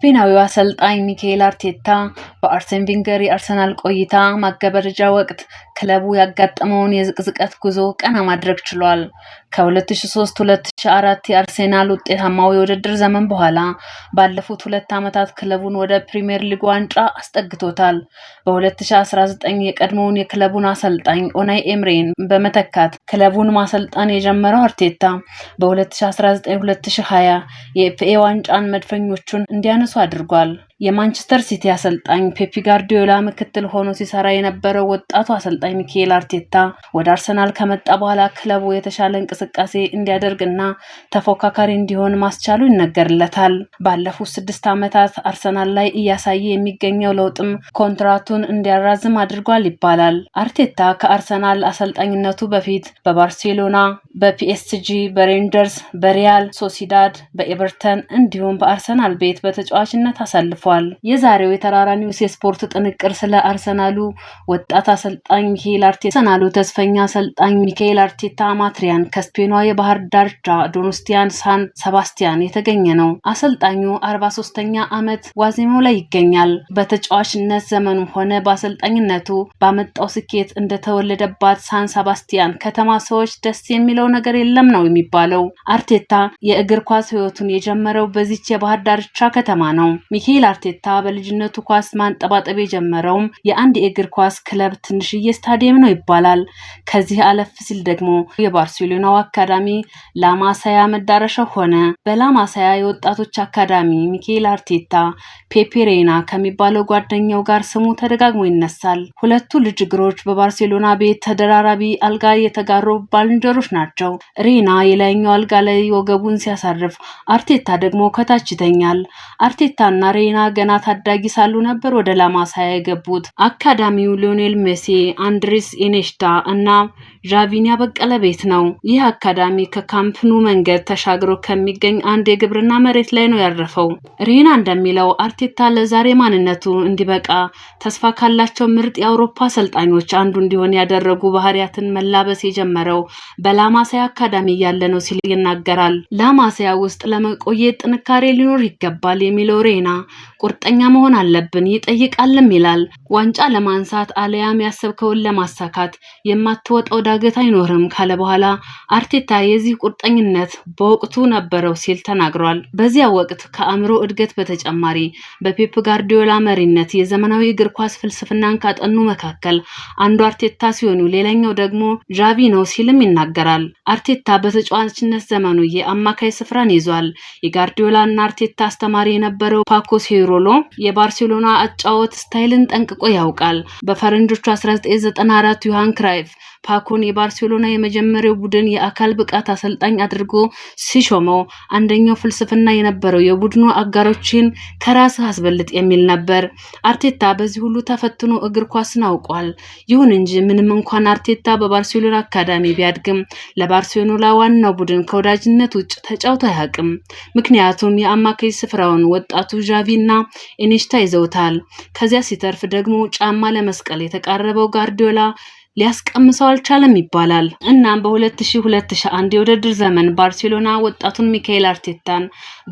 ስፔናዊው አሰልጣኝ ሚካኤል አርቴታ በአርሰን ቬንገር የአርሰናል ቆይታ ማገባደጃ ወቅት ክለቡ ያጋጠመውን የዝቅዝቀት ጉዞ ቀና ማድረግ ችሏል። ከ2003-2004 የአርሴናል ውጤታማው የውድድር ዘመን በኋላ ባለፉት ሁለት ዓመታት ክለቡን ወደ ፕሪምየር ሊግ ዋንጫ አስጠግቶታል። በ2019 የቀድሞውን የክለቡን አሰልጣኝ ኦናይ ኤምሬን በመተካት ክለቡን ማሰልጣን የጀመረው አርቴታ በ2019-2020 የኤፍኤ ዋንጫን መድፈኞቹን እንዲያነሱ አድርጓል። የማንቸስተር ሲቲ አሰልጣኝ ፔፒ ጋርዲዮላ ምክትል ሆኖ ሲሰራ የነበረው ወጣቱ አሰልጣኝ ሚካኤል አርቴታ ወደ አርሰናል ከመጣ በኋላ ክለቡ የተሻለ እንቅስቃሴ እንዲያደርግ እና ተፎካካሪ እንዲሆን ማስቻሉ ይነገርለታል። ባለፉት ስድስት ዓመታት አርሰናል ላይ እያሳየ የሚገኘው ለውጥም ኮንትራቱን እንዲያራዝም አድርጓል ይባላል። አርቴታ ከአርሰናል አሰልጣኝነቱ በፊት በባርሴሎና፣ በፒኤስጂ፣ በሬንጀርስ፣ በሪያል ሶሲዳድ፣ በኤቨርተን እንዲሁም በአርሰናል ቤት በተጫዋችነት አሳልፏል። አልፏል። የዛሬው የተራራ ኒውስ የስፖርት ጥንቅር ስለ አርሰናሉ ወጣት አሰልጣኝ ሚካኤል አርቴታ አርሰናሉ ተስፈኛ አሰልጣኝ ሚካኤል አርቴታ ማትሪያን ከስፔኗ የባህር ዳርቻ ዶኖስቲያን ሳን ሰባስቲያን የተገኘ ነው። አሰልጣኙ አርባ ሶስተኛ ዓመት ዋዜማው ላይ ይገኛል። በተጫዋችነት ዘመኑ ሆነ በአሰልጣኝነቱ ባመጣው ስኬት እንደተወለደባት ሳን ሰባስቲያን ከተማ ሰዎች ደስ የሚለው ነገር የለም ነው የሚባለው። አርቴታ የእግር ኳስ ሕይወቱን የጀመረው በዚች የባህር ዳርቻ ከተማ ነው። ሚካኤል አርቴታ በልጅነቱ ኳስ ማንጠባጠብ የጀመረውም የአንድ የእግር ኳስ ክለብ ትንሽዬ ስታዲየም ነው ይባላል። ከዚህ አለፍ ሲል ደግሞ የባርሴሎናው አካዳሚ ላማሳያ መዳረሻው ሆነ። በላማሳያ የወጣቶች አካዳሚ ሚካኤል አርቴታ ፔፔሬና ከሚባለው ጓደኛው ጋር ስሙ ተደጋግሞ ይነሳል። ሁለቱ ልጅ እግሮች በባርሴሎና ቤት ተደራራቢ አልጋ የተጋሩ ባልንጀሮች ናቸው። ሬና የላይኛው አልጋ ላይ ወገቡን ሲያሳርፍ፣ አርቴታ ደግሞ ከታች ይተኛል። አርቴታና ሬና ገና ታዳጊ ሳሉ ነበር ወደ ላማሳያ የገቡት። አካዳሚው ሊዮኔል ሜሲ፣ አንድሪስ ኢኔሽታ እና ዣቪኒያ ያበቀለ ቤት ነው። ይህ አካዳሚ ከካምፕኑ መንገድ ተሻግሮ ከሚገኝ አንድ የግብርና መሬት ላይ ነው ያረፈው። ሪና እንደሚለው አርቴታ ለዛሬ ማንነቱ እንዲበቃ ተስፋ ካላቸው ምርጥ የአውሮፓ አሰልጣኞች አንዱ እንዲሆን ያደረጉ ባህሪያትን መላበስ የጀመረው በላማሳያ አካዳሚ እያለ ነው ሲል ይናገራል። ላማሳያ ውስጥ ለመቆየት ጥንካሬ ሊኖር ይገባል የሚለው ሬና ቁርጠኛ መሆን አለብን፣ ይጠይቃልም ይላል። ዋንጫ ለማንሳት አለያም ያሰብከውን ለማሳካት የማትወጣው ዳገት አይኖርም ካለ በኋላ አርቴታ የዚህ ቁርጠኝነት በወቅቱ ነበረው ሲል ተናግሯል። በዚያ ወቅት ከአእምሮ እድገት በተጨማሪ በፔፕ ጋርዲዮላ መሪነት የዘመናዊ እግር ኳስ ፍልስፍናን ካጠኑ መካከል አንዱ አርቴታ ሲሆኑ ሌላኛው ደግሞ ዣቪ ነው ሲልም ይናገራል። አርቴታ በተጫዋችነት ዘመኑ የአማካይ ስፍራን ይዟል። የጋርዲዮላና አርቴታ አስተማሪ የነበረው ፓኮ ሴሩ ፒሮሎ የባርሴሎና አጫወት ስታይልን ጠንቅቆ ያውቃል። በፈረንጆቹ 1994 ዮሃን ክራይፍ ፓኮን የባርሴሎና የመጀመሪያው ቡድን የአካል ብቃት አሰልጣኝ አድርጎ ሲሾመው አንደኛው ፍልስፍና የነበረው የቡድኑ አጋሮችን ከራስ አስበልጥ የሚል ነበር። አርቴታ በዚህ ሁሉ ተፈትኖ እግር ኳስን አውቋል። ይሁን እንጂ ምንም እንኳን አርቴታ በባርሴሎና አካዳሚ ቢያድግም ለባርሴሎና ዋናው ቡድን ከወዳጅነት ውጭ ተጫውቶ አያውቅም። ምክንያቱም የአማካይ ስፍራውን ወጣቱ ዣቪ እና ኢኒሽታ ይዘውታል። ከዚያ ሲተርፍ ደግሞ ጫማ ለመስቀል የተቃረበው ጋርዲዮላ ሊያስቀምሰው አልቻለም ይባላል። እናም በ2000/2001 የውድድር ዘመን ባርሴሎና ወጣቱን ሚካኤል አርቴታን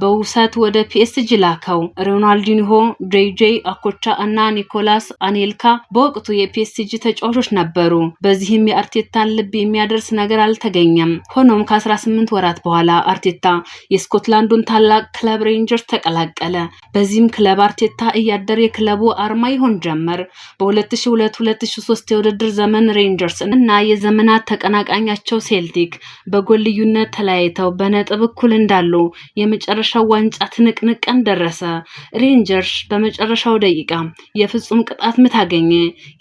በውሰት ወደ ፒኤስጂ ላከው። ሮናልዲኒሆ፣ ጄጄ አኮቻ እና ኒኮላስ አኔልካ በወቅቱ የፒኤስጂ ተጫዋቾች ነበሩ። በዚህም የአርቴታን ልብ የሚያደርስ ነገር አልተገኘም። ሆኖም ከ18 ወራት በኋላ አርቴታ የስኮትላንዱን ታላቅ ክለብ ሬንጀርስ ተቀላቀለ። በዚህም ክለብ አርቴታ እያደር የክለቡ አርማ ይሆን ጀመር። በ2002/2003 የውድድር ዘመን ሬንጀርስ እና የዘመናት ተቀናቃኛቸው ሴልቲክ በጎል ልዩነት ተለያይተው በነጥብ እኩል እንዳሉ የመጨረሻው ዋንጫ ትንቅንቅ ቀን ደረሰ። ሬንጀርስ በመጨረሻው ደቂቃ የፍጹም ቅጣት ምት አገኘ።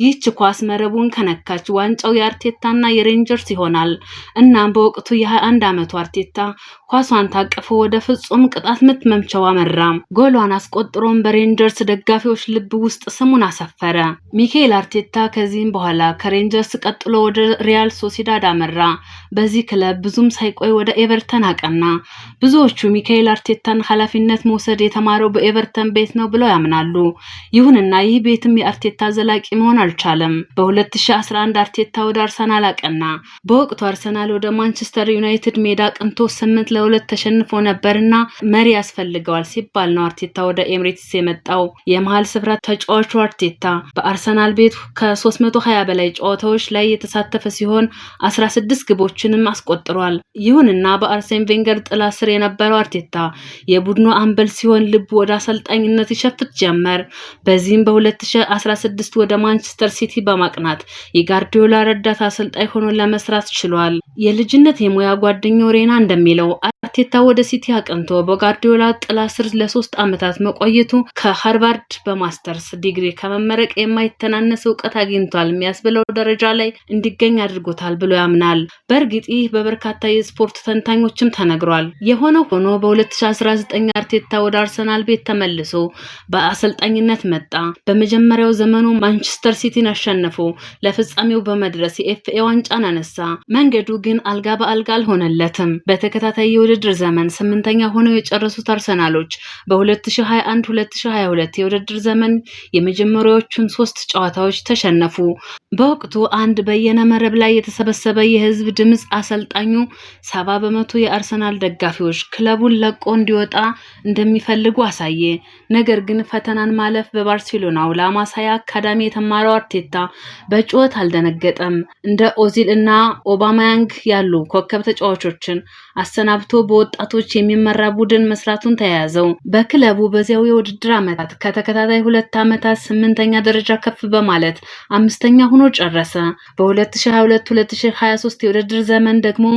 ይህች ኳስ መረቡን ከነካች ዋንጫው የአርቴታና የሬንጀርስ ይሆናል። እናም በወቅቱ የ21 ዓመቱ አርቴታ ኳሷን ታቅፎ ወደ ፍጹም ቅጣት ምት መምቻው አመራ። ጎሏን አስቆጥሮም በሬንጀርስ ደጋፊዎች ልብ ውስጥ ስሙን አሰፈረ። ሚካኤል አርቴታ ከዚህም በኋላ ከሬንጀርስ ከመድረስ ቀጥሎ ወደ ሪያል ሶሲዳድ አመራ። በዚህ ክለብ ብዙም ሳይቆይ ወደ ኤቨርተን አቀና። ብዙዎቹ ሚካኤል አርቴታን ኃላፊነት መውሰድ የተማረው በኤቨርተን ቤት ነው ብለው ያምናሉ። ይሁንና ይህ ቤትም የአርቴታ ዘላቂ መሆን አልቻለም። በ2011 አርቴታ ወደ አርሰናል አቀና። በወቅቱ አርሰናል ወደ ማንቸስተር ዩናይትድ ሜዳ ቅንቶ ስምንት ለሁለት ተሸንፎ ነበርና መሪ ያስፈልገዋል ሲባል ነው አርቴታ ወደ ኤምሬትስ የመጣው። የመሀል ስፍራ ተጫዋቹ አርቴታ በአርሰናል ቤት ከ320 በላይ ጨዋታ ጨዋታዎች ላይ የተሳተፈ ሲሆን 16 ግቦችንም አስቆጥሯል። ይሁንና በአርሴን ቬንገር ጥላ ስር የነበረው አርቴታ የቡድኑ አምበል ሲሆን ልቡ ወደ አሰልጣኝነት ይሸፍት ጀመር። በዚህም በ2016 ወደ ማንቸስተር ሲቲ በማቅናት የጋርዲዮላ ረዳት አሰልጣኝ ሆኖ ለመስራት ችሏል። የልጅነት የሙያ ጓደኛው ሬና እንደሚለው አርቴታ ወደ ሲቲ አቅንቶ በጋርዲዮላ ጥላ ስር ለሶስት ዓመታት መቆየቱ ከሃርቫርድ በማስተርስ ዲግሪ ከመመረቅ የማይተናነስ እውቀት አግኝቷል የሚያስብለው ደረጃ ደረጃ ላይ እንዲገኝ አድርጎታል ብሎ ያምናል። በእርግጥ ይህ በበርካታ የስፖርት ተንታኞችም ተነግሯል። የሆነ ሆኖ በ2019 አርቴታ ወደ አርሰናል ቤት ተመልሶ በአሰልጣኝነት መጣ። በመጀመሪያው ዘመኑ ማንቸስተር ሲቲን አሸንፎ ለፍጻሜው በመድረስ የኤፍኤ ዋንጫን አነሳ። መንገዱ ግን አልጋ በአልጋ አልሆነለትም። በተከታታይ የውድድር ዘመን ስምንተኛ ሆነው የጨረሱት አርሰናሎች በ2021 2022 የውድድር ዘመን የመጀመሪያዎቹን ሶስት ጨዋታዎች ተሸነፉ። በወቅቱ አንድ በየነ መረብ ላይ የተሰበሰበ የህዝብ ድምፅ አሰልጣኙ ሰባ በመቶ የአርሰናል ደጋፊዎች ክለቡን ለቆ እንዲወጣ እንደሚፈልጉ አሳየ። ነገር ግን ፈተናን ማለፍ በባርሴሎናው ላማሳያ አካዳሚ የተማረው አርቴታ በጩኸት አልደነገጠም። እንደ ኦዚል እና ኦባማያንግ ያሉ ኮከብ ተጫዋቾችን አሰናብቶ በወጣቶች የሚመራ ቡድን መስራቱን ተያያዘው። በክለቡ በዚያው የውድድር ዓመታት ከተከታታይ ሁለት ዓመታት ስምንተኛ ደረጃ ከፍ በማለት አምስተኛ ሆኖ ጨረሰ። በ2022-2023 የውድድር ዘመን ደግሞ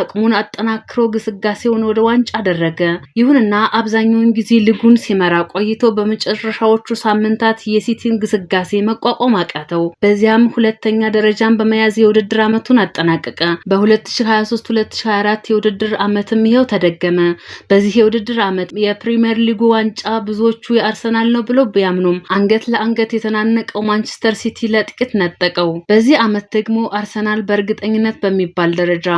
አቅሙን አጠናክሮ ግስጋሴውን ወደ ዋንጫ አደረገ። ይሁንና አብዛኛውን ጊዜ ልጉን ሲመራ ቆይቶ በመጨረሻዎቹ ሳምንታት የሲቲን ግስጋሴ መቋቋም አቃተው። በዚያም ሁለተኛ ደረጃን በመያዝ የውድድር ዓመቱን አጠናቀቀ። በ2023-2024 የውድድር ዓመትም ይኸው ተደገመ። በዚህ የውድድር ዓመት የፕሪምየር ሊጉ ዋንጫ ብዙዎቹ የአርሰናል ነው ብሎ ቢያምኑም አንገት ለአንገት የተናነቀው ማንቸስተር ሲቲ ለጥቂት ነጠቀ። ያጠናቀቀው። በዚህ ዓመት ደግሞ አርሰናል በእርግጠኝነት በሚባል ደረጃ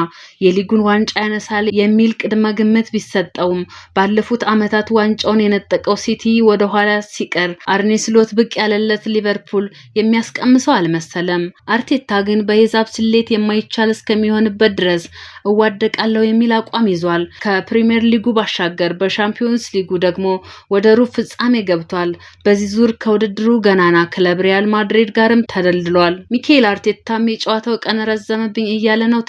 የሊጉን ዋንጫ ያነሳል የሚል ቅድመ ግምት ቢሰጠውም ባለፉት ዓመታት ዋንጫውን የነጠቀው ሲቲ ወደኋላ ሲቀር አርኔ ስሎት ብቅ ያለለት ሊቨርፑል የሚያስቀምሰው አልመሰለም። አርቴታ ግን በሂሳብ ስሌት የማይቻል እስከሚሆንበት ድረስ እዋደቃለሁ የሚል አቋም ይዟል። ከፕሪምየር ሊጉ ባሻገር በሻምፒዮንስ ሊጉ ደግሞ ወደ ሩብ ፍጻሜ ገብቷል። በዚህ ዙር ከውድድሩ ገናና ክለብ ሪያል ማድሪድ ጋርም ተደልድሏል። ሚካኤል አርቴታም የጨዋታው ቀን ረዘመብኝ እያለ ነው።